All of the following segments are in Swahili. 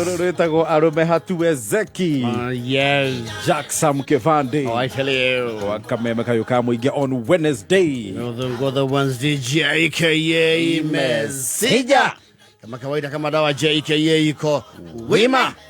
rå rwä tagwo arå me jackson kä bandä oh, kameme kayå ka må ingä on wednesday imesija kama kawaida kama dawa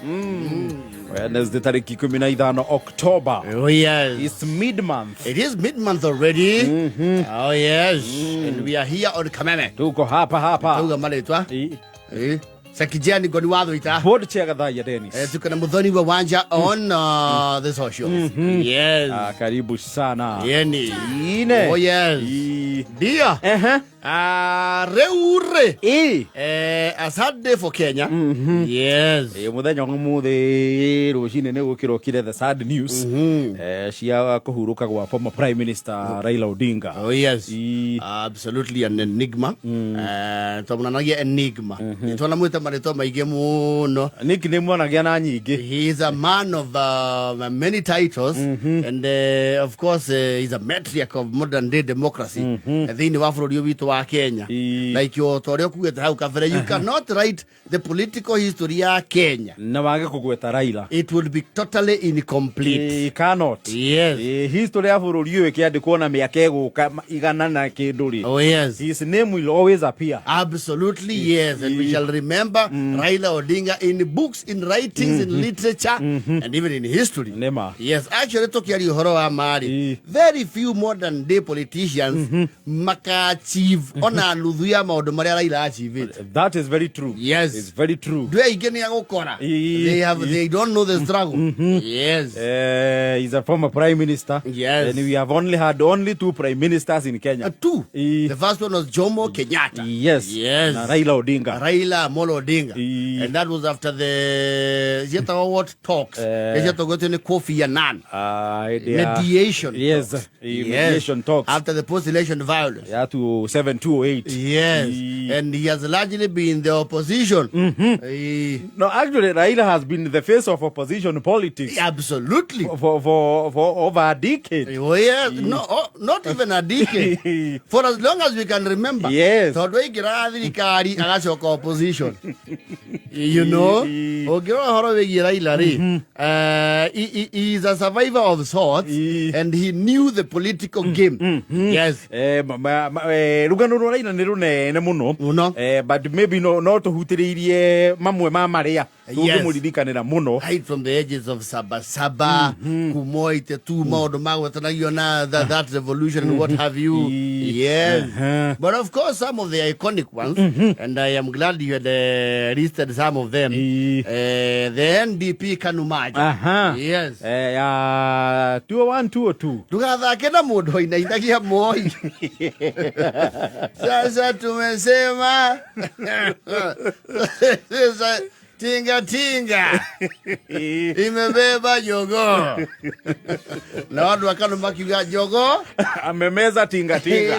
mm. Wednesday tariki 15 Oktoba. Oh yes. It's mid month. It is mid month already. Mm -hmm. Oh yes. Mm. And we are here on Kameme. Tuko hapa hapa. Tuko mali twa. Eh sakijani goni watho ita board chair ya Dennis eh, tukana na mudhoni wa wanja on mm. uh, the social mm -hmm. yes ah, karibu sana yeni ine oh yes I... dia ah, eh uh -huh. ah reure e eh asade for Kenya mm -hmm. yes e muthenya ngumuthi rucine ne kire the sad news mm -hmm. eh cia kuhuruka kwa former prime minister oh. Raila Odinga oh yes I... absolutely an enigma mm. eh uh, twamunanagia enigma mm -hmm. twanamwita marito maingi muno niki ni mwanagia na nyingi he is a man of uh, many titles mm -hmm. and uh, of course uh, he is a matriarch of modern day democracy mm -hmm. Uh, thiini wa bururi witu wa Kenya e... like you to rio kugeta hau kabere you uh-huh. cannot write the political history ya Kenya na wage kugweta Raila it would be totally incomplete I cannot yes e, history ya bururi uyu ikiandikwo na miaka iguka igana na kindu ri oh yes his name will always appear absolutely e... yes and e... we shall remember Odinga mm. Raila Odinga in books in writings mm -hmm. in mm-hmm. literature mm -hmm. and even in history Nema. Yes, actually Tokyo uhoro wa mari very few modern day politicians mm -hmm. maka achieve mm-hmm. ona nuthu ya maundu maria Raila it. That is very true. Yes. It's very true. Ndu They have they don't know the mm-hmm. struggle. Mm -hmm. Yes. Uh, he's a former prime minister. Yes. And we have only had only two prime ministers in Kenya. Uh, two. E the first one was Jomo Kenyatta. Yes. Yes. Na Raila Odinga. Raila Molo Odinga I... and that was after the Zeta what talks uh... Zeta got any Kofi Annan uh, ah, are... mediation yes talks. Eh, yes. mediation talks after the post-election violence yeah to 7208 yes I... and he has largely been the opposition mm mm-hmm. -hmm. I... no actually Raila has been the face of opposition politics absolutely for for, for, for over a decade oh yes I... no oh, not even a decade for as long as we can remember yes opposition ¡Gracias! You know? Ogura Horowigira Ilari uh, he, he, he is a survivor of sorts and he knew the political mm, game. Mm-hmm. Yes. Eh, eh, rugano rå raina nä rå nene må no eh, but maybe no tåhutä to irie mamwe ma marä a tå må ririkanä ra må no from the edges of sabasaba mm-hmm. kuma itetu maå mm. magwetanagio na that revolution and what mm-hmm. have you yes uh-huh. but of course some of the iconic ones and i am glad you had uh, listed some some of them e. eh, the NDP kanumaja aha yes Two or eh ya 201 202 tugathake na mundu oinaithagia moi sasa tumesema sasa tinga tinga imebeba jogo na watu wakano makiuga jogo amemeza tinga tinga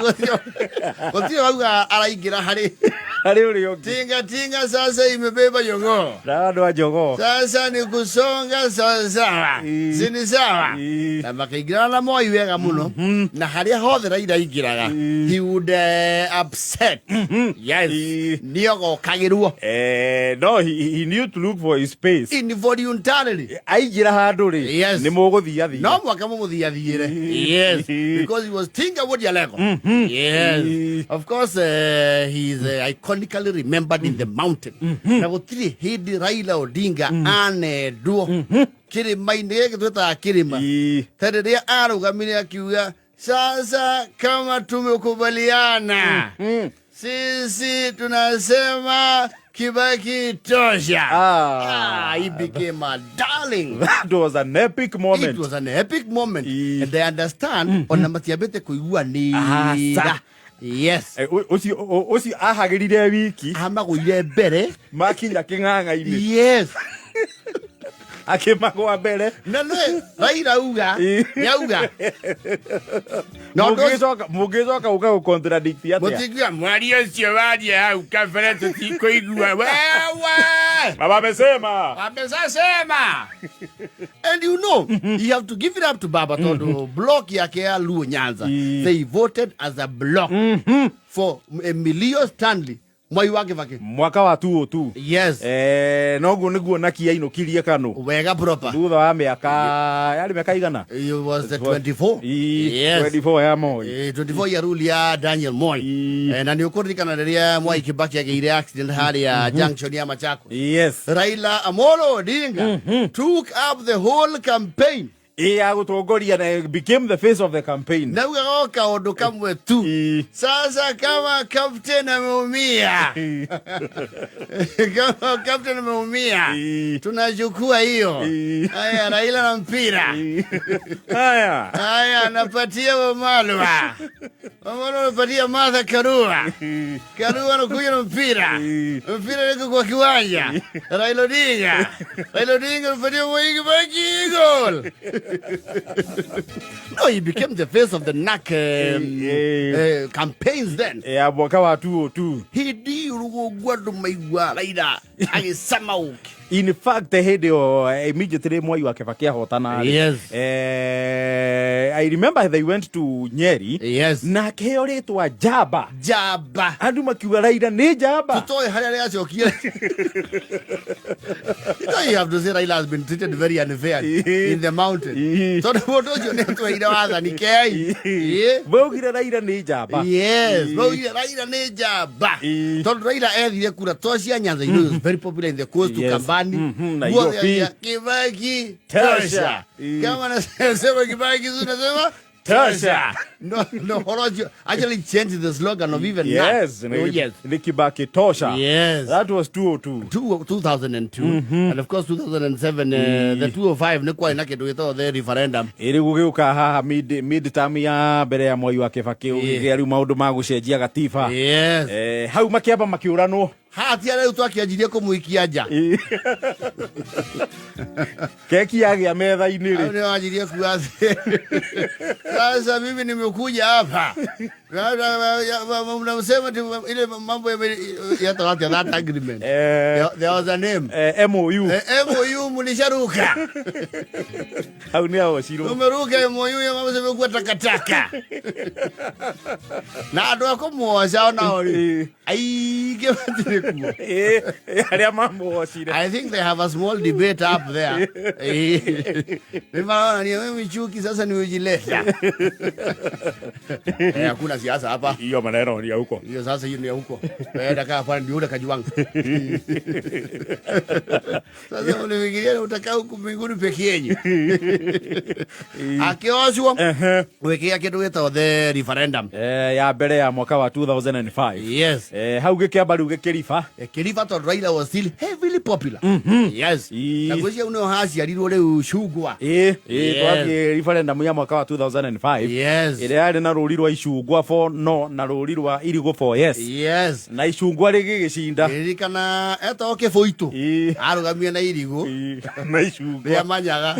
gutio wauga araingira hari hali ulioki tinga tinga sasa imebeba jongoo na watu wa jongoo sasa ni kusonga sasa. zini sawa na makaingirana na moi wega muno mm-hmm. na haria hothe raira ingiraga he would uh, upset mm-hmm. yes nio kagiruo. eh no he, he knew to look for his space in voluntarily aingira handu ri yes. ni muguthia thia no mwaka mumuthia thiire yes because he was thinking about your level yes of course uh, eh, he's uh, iconically remembered mm. in the mm-hmm. mountain mm-hmm. na gutiri hindi Raila Odinga anendwo kirima-ini giki twitaga kirima ta riria arugamire akiuga sasa kama tumekubaliana mm-hmm. sisi tunasema Kibaki tosha. Ah, ah, he became a darling. That was an epic moment. It was an epic moment. E. And they understand mm -hmm. ona matiabete kuigua ni. Ah, yes ucio ucio ahagirire wiki amagwire mbere makinya king'ang'a-ini yes akimagwa mbere na nä raira uga auga mũngĩcoka ũka gũkontradikti atĩa mũtingiuga mwaria ũcio waria hau kabere tũtikũigua wewe wamesema wamesasema and you know you have to give it up to baba mhm. tondu block yake ya luo nyanza they voted as a block mhm. for emilio stanley mwai wa givake mwaka wa tu yes eh no go noguo niguo ino kirie kanu wega proper thutha wa miaka yari miaka igana it was the 24 yes 24 ya moy 24 ya rule ya Daniel Moy eh, na ni kana riria mwai kibaki ya ageire accident hali ya mhm. junction ya machako yes Raila Amolo Odinga mhm. took up the whole campaign ya na became the face of the campaign na ugago kaundu kamwe tu sasa kama captain ameumia kama captain ameumia tunachukua hiyo haya Raila na mpira haya haya napatia Wamalwa Wamalwa napatia Martha Karua Karua anakuja na mpira mpira liko kwa kiwanja Raila Odinga Raila Odinga napatia Mwingi Baki goal no, he became the face of the NAC um, yeah. uh, eh. eh, campaigns then. Yeah, mwaka oh wa He Hidi urugu gwadu maiwa laida. Agisama in fact hindi yo eh, immediately mwai wa kibaki hotana yes. eh, I remember they went to Nyeri yes. na keori to a jaba jaba andu makiuga Raila ni jaba tutoe haria know you have to say Raila has been treated very unfair in the mountain so the photo tondu mundu ucio ni tweire wathani kei baugire eh. eh. Raila ni jaba yes baugire Raila ni jaba tondu Raila ethire kura tosia nyanza you know very popular in the coast to Kambala nyumbani mm -hmm, Kibaki tosha. Mm. Kama nasema Kibaki zuri nasema tosha. No, no, Horojo actually change the slogan of even yes, now. Oh, yes. Ni Kibaki tosha. Yes. That was 202. Two, 2002. Mm -hmm. And of course 2007 mm. uh, the 205 mm. ni kwa ina kitu tugeto the referendum. Ili kugeuka haha mid mid term ya bere ya moyo wa Kibaki ugiria riu maundu ma gucenjia gatiba. Yes. Eh, hau makiamba makiuranwo haha rä u twakianjirie kå må ikia nja keki yagä a metha-inä rä nä wanjirie kuga sasa mimi nimekuja hapa mnasema ile mambo ya ya that agreement eh, there was a name MOU MOU ni shiro MOU ya mambo takataka na Eh, eh, I think they have a small debate up there. Eh, mimi ni sasa Eh, hakuna siasa hapa. Hiyo maneno ni huko. Hiyo sasa hiyo ni huko. hapa ndio ule kajiwanga. Sasa unafikiria utakaa huko mbinguni peke yenu. Akiozwa. Wekea kitu the referendum. Eh, ya ya mwaka wa 2005. Yes. Eh, hau Khalifa. Eh, Khalifa to Raila was still heavily popular. Mm -hmm. Yes. Na kwa hiyo unao e hasi alilo ule ushugwa. Eh, eh, kwa hiyo referendum ya mwaka wa 2005. Yes. Ile yale na ruri rwa ishugwa for no na ruri rwa irigo for yes. Yes. Na ishugwa rigigishinda. Iri kana eto ke foito. Eh. Arugamia na irigo. Eh, na ishugwa. Ya manyaga.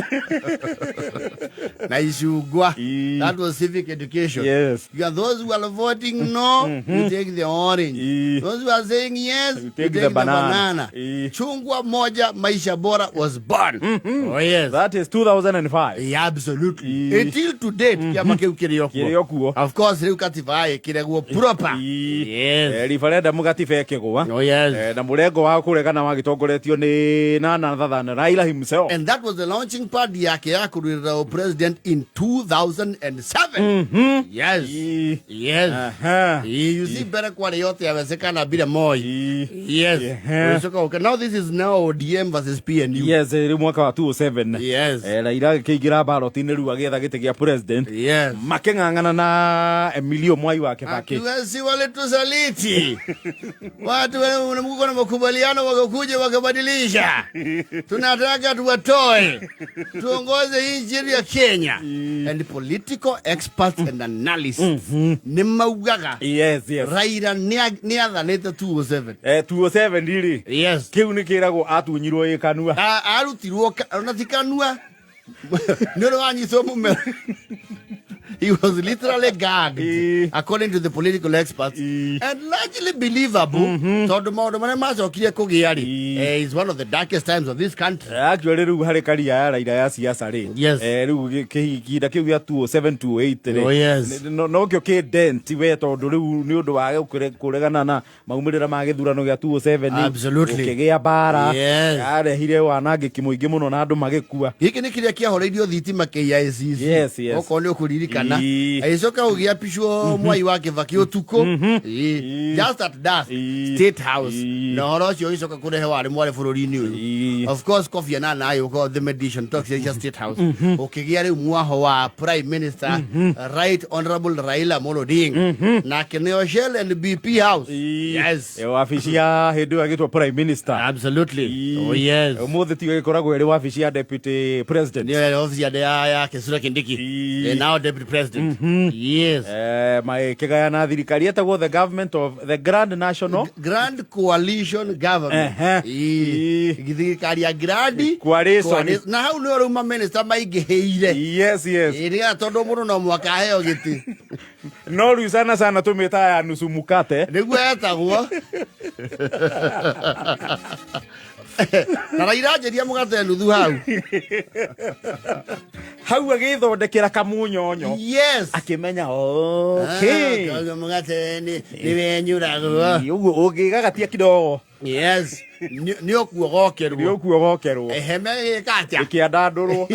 Na ishugwa. That was civic education. Yes. You are those who are voting no, mm -hmm. you take the orange. Those who are saying yes, Bananas, we the, banana. The banana. E. Chungwa moja maisha bora was born. Mm -hmm. Oh yes. That is 2005. Yeah, absolutely. E. Until to date mm -hmm. kama keu kirioku. Of course riu katiba yake kireguo eh. proper. E. Yes. Eh, rifarenda mugatiba yake gwa. Oh yes. Eh, na murengo wa kuregana wagitongoretio ni Nana Thathana Raila himself. And that was the launching party yake ya kurira president in 2007. Mm -hmm. Yes. E. Yes. Uh -huh. E. You see e. better kwa yote yawezekana bila moyo. Yes. Yeah. Ulichoka okay. Now this is now DM versus PNU. Yes, eh, ri mwaka wa 2007. Yes. Eh, Raila akĩingira baroti-inĩ rĩu agĩetha gĩtĩ gĩa president. Yes. Makĩng'ang'ana na Emilio Mwai wa Kibaki. Hatuwezi walitusaliti. Watu mko na makubaliano wakakuja wakabadilisha. Tunataka tuwatoe. Tuongoze nchi ya Kenya. Mm. And political experts and analysts. Mm-hmm. Nimaugaga. Yes, yes. Raila nĩathanĩte 207 Eh, tuo 7 rĩ. Yes. Kiu nĩ kĩragwo atunyirwo ĩ kanua. Arutirwo ona nä å Nĩ ũrĩ wanyitwo mũmero he was literally gagged, according to the political experts, and largely believable Mm -hmm. maria one of the darkest times of this country eh, actually riu hari karia ya raira ya siasa ri riu kihinda kiu Oh yes. no kio ki dent we tondu riu ni undu wa kuregana na maumirira ma githurano gia 207 ukigia bara yarehire wanangiki muingi muno na andu magikua giki ni kiria kiahoreirio thitima KICC okorwo ni ukuririkana bana aisoka ugiapishwo mhm. mwai wake vaki utuko mhm. just at dusk state house na horo ucio ugicoka kurehe wari mware bururi-ini uyu of course kofi annan nayo ukorwo the mediation talks ya state house mhm. ukigia riu mwaho wa raila amolo nake nio shell and e, wabici ya hindi ĩyo agĩtwo prime minister absolutely oh yes ũmũthĩ tiga gĩkoragwo ĩrĩ wabici wabici ya ya Kithure Kindiki now deputy president mm -hmm. yes eh mai eh, kigayana thirikari etagwo the government of the grand national G grand coalition government thirikari ya grandi coalition na hau nä rä ma minister maingähäire yes yes nä tondå må ndå no mwaka aheo gä tä no rä u sana sana tå mä ta ya nusu mukate nä guo etagwo na raira njeria mugate nuthu hau hau agithondekera kamunyonyo yes akimenya oh, ah, okay mugate ni wenyuragwo uguo ungigatia kidogo yes nä å kuogokerwo nä å kuogokerwo gä ka atä kä andandå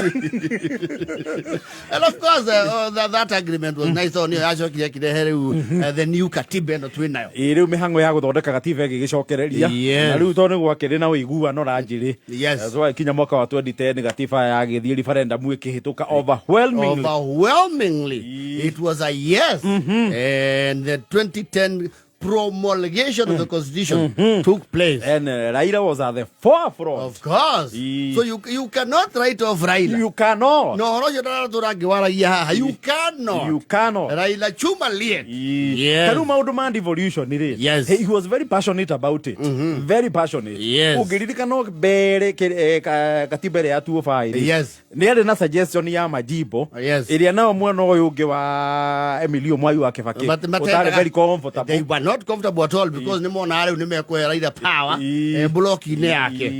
that agreement was nice nä yo yacokire kirehe rä u uh, the new katiba ä no twä nayo ä rä u mä hang'o ya gå thondeka gatiba ä gä gä cokereria na rä u tondå nä gwakärä na å iguano na yes rä kinya mwaka wa 2010 gatiba ya gä thiä referendum ä kä hä tå ka overwhelmingly it was a yes mm -hmm. and the 2010 promulgation of the mm. constitution mm-hmm. took place. And uh, Raila was at the forefront. Of course. He- So you, you cannot write off Raila. You cannot. no no, you cannot. you cannot You cannot. raila chuma liet Yes. Taru devolution Yes. he, was very passionate about it mm-hmm. very passionate Yes. Eh, yes. nĩ arĩ na suggestion ya majimbo Yes. ĩrĩa nao mwena ũyũ ũngĩ wa emilio mwayu wa Kibaki But- not comfortable at all because mm. nä mona rä u nä mekwera ire power mm. eh, block-inä mm. yake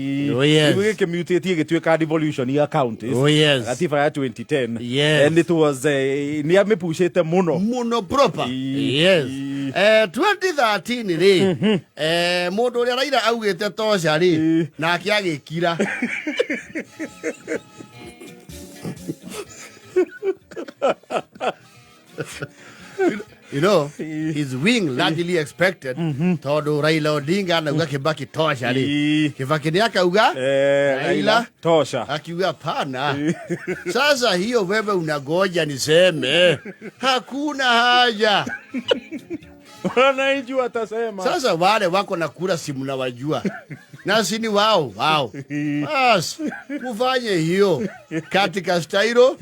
gä kä mutä tie gä tuä ka devolution ya counties oh, gatiba ya 2010 and it was eh, nä amä pucä te må no må no proper yes 2013 rä må ndå å rä a raira augä te toca rä nake agä kira you know, his wing largely expected mm-hmm. tondu Raila Odinga na uga mm. Kibaki tosha ri Kibaki ni akauga eh, Raila tosha akiuga pana. Sasa hiyo wewe unagoja ni niseme hakuna haja wananchi watasema. Sasa wale wako na kura simu na wajua nasi ni wao wao, bas mufanye hiyo katika stairo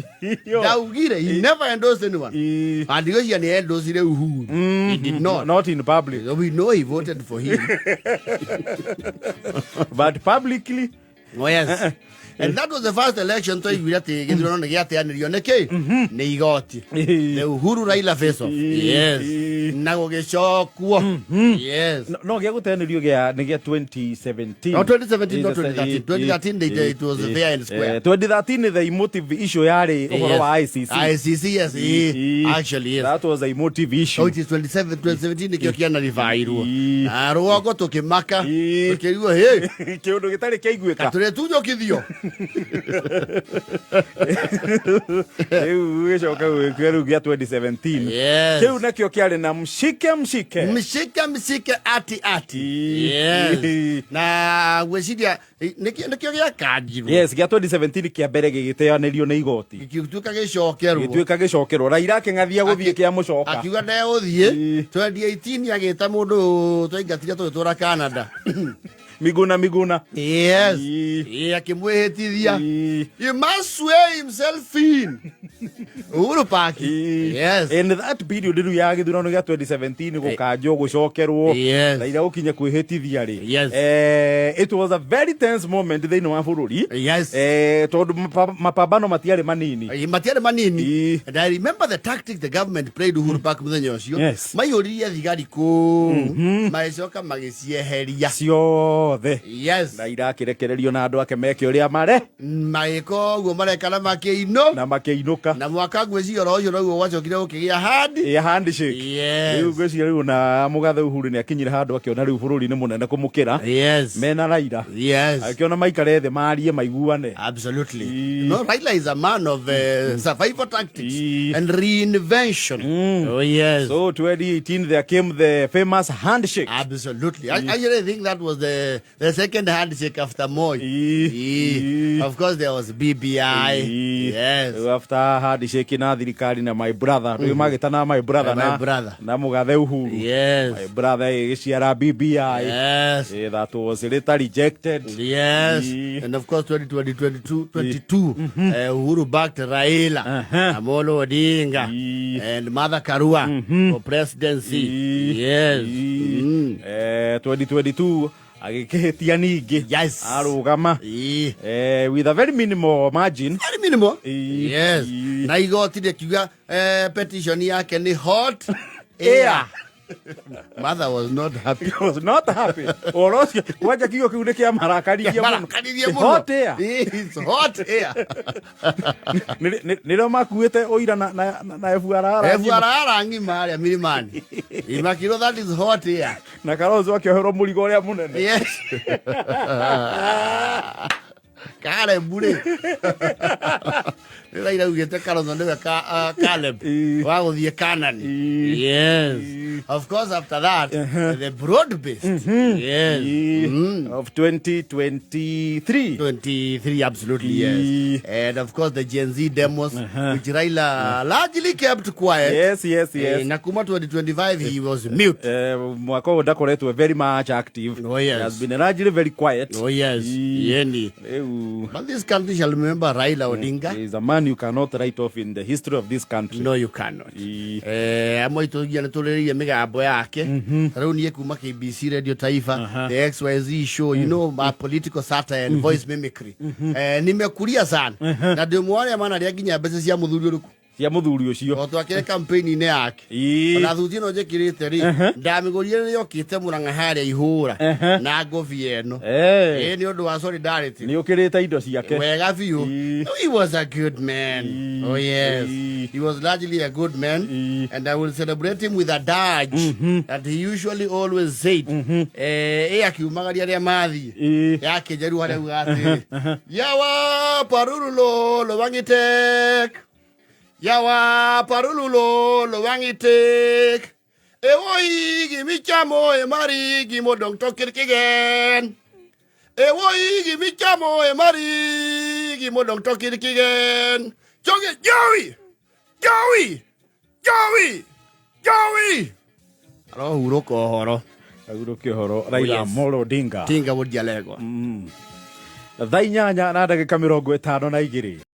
daugire. He never endorsed anyone and because he endorsed the who he did not not in public. we know he voted for him but publicly oh yes uh-uh and that was the first election twaiguire atä mm-hmm. gä thurano nä gä ateanärio mm-hmm. nä kä ne igoti ne mm-hmm. uhuru raila feso yes na gå gä cokwo yes no gä a gå teanärio ne nä 2017 no 2017 not 2013 2013 they it was there in square 2013 eh, the emotive issue yarä over wa ICC ICC yes actually yes that was a emotive issue oh, it is 27 2017 ne kä o kä ana rivairwo na rå gongo tå kä maka tå kä rigwo hä kä å rä u gä yes. na mshike mshike mshike mshike ati ati yes. na gwä ciria nä kä yes, 2017 kä mbere gä gä igoti gä tuä ka gä raira akä ng'athia gå thiä kä må coka akiuga ndegå thiä 2018 agä ta må ndå canada Miguna Miguna. Yes. Yeah, akimwehetiria. He must swear himself in. Uhuru Park. Yes. And that video riu ya githurano gya 2017 gukanjwo gucokerwo. Yes. Na ira gukinya kwihitithia ri. Yes. Eh, it was a very tense moment they know bũrũri. Yes. Eh, tondu mapambano matiarĩ manini. Matiarĩ manini. And I remember the tactic the government played Uhuru Park muthenya ũcio. Yes. Maiyũririe thigari kũu. Mhm. Magĩcoka magĩcieheria. Cio yothe yes na irakirekererio na andu ake meke uria mare maiko guo marekana makiino na na mwaka ngwiciria oro ucio noguo gwacokire gukigia hand ya handshake yes riu ngwiciria riu na mugathe uhuru ni akinyire handu akiona riu bururi-ini munene kumukira yes mena raira yes akiona maikare the marie maiguane absolutely no raila is a man of uh, mm-hmm. survival tactics and reinvention mm. oh yes so 2018 there came the famous handshake absolutely I, I really think that was the the second handshake after Moy. Moi. Ee. Ee. Of course there was BBI. Ee. Yes. After handshake na thirikari na my brother. Ndio mm-hmm. magĩtana my brother Yeah, na brother. na mũgathe Uhuru. Yes. My brother ĩgĩciara BBI. Yes. That was later rejected. Yes. And of course 2022 22 mm-hmm. eh, Uhuru backed Raila, uh-huh. Amolo Odinga and Mother Karua mm -hmm. for presidency. Yes. Mm -hmm. uh, 2022 agä ningĩ yes. arũgama e. e, gama a very minimal margin very minimal e. na igoti rĩkiuga eh, yake nä hot air mother was not happy was not happy kia marakaririe muno hot air it's hot air oira na na na FRR ngima imakiro that is hot air na karozo akiohero murigo uria munene yes uh, Caleb rä rä rairaugä te karono nä we Caleb wa kanani Of course, after that, uh -huh. the broad based mm -hmm. yes. Yeah. Mm. of 2023. 23, absolutely, yeah. yes. And of course, the Gen Z demos, uh -huh. which Raila uh -huh. largely kept quiet. Yes, yes, eh, yes. Uh, Nakuma 2025, he eh, was mute. Uh, eh, Mwako Dakoret were very much active. Oh, yes. He has been largely very quiet. Oh, yes. Yeni. But this country shall remember Raila Odinga. He is a man you cannot write off in the history of this country. No, you cannot. He... Uh, migambo yake mhm. riu nie kuma KBC Radio Taifa the XYZ show you mm. know my political satire and mhm. voice mimicry mhm. eh, nimekulia sana na ndimwone maana ria nginya mbeca cia muthuri uriku cia muthuri ucio o twakire campaign ne yake na thuti no njikirite ri ndamigurire ni yokite muranga haria ihura na ngovi eno eh ee. ni undu wa solidarity ni ukirite indo ciake wega biu he was a good man oh yes he was largely a good man and i will celebrate him with a dodge mm-hmm. that he usually always said mm-hmm. eh e akiumagaria ria mathi yake jeru haria ugati yawa parurulo lo lo wangitek yawa parululo lo wangitek ewoi gimichamo e mari gimodong to kirkigen ewoi gimichamo e mari gimodong to kirkigen jogi jowi jowi jowi jowi arohuruka ohoro ahuruke horo raila amolo odinga tinga wodia lego mm. thaa inyanya na ndagĩka mĩrongo ĩtano na igĩrĩ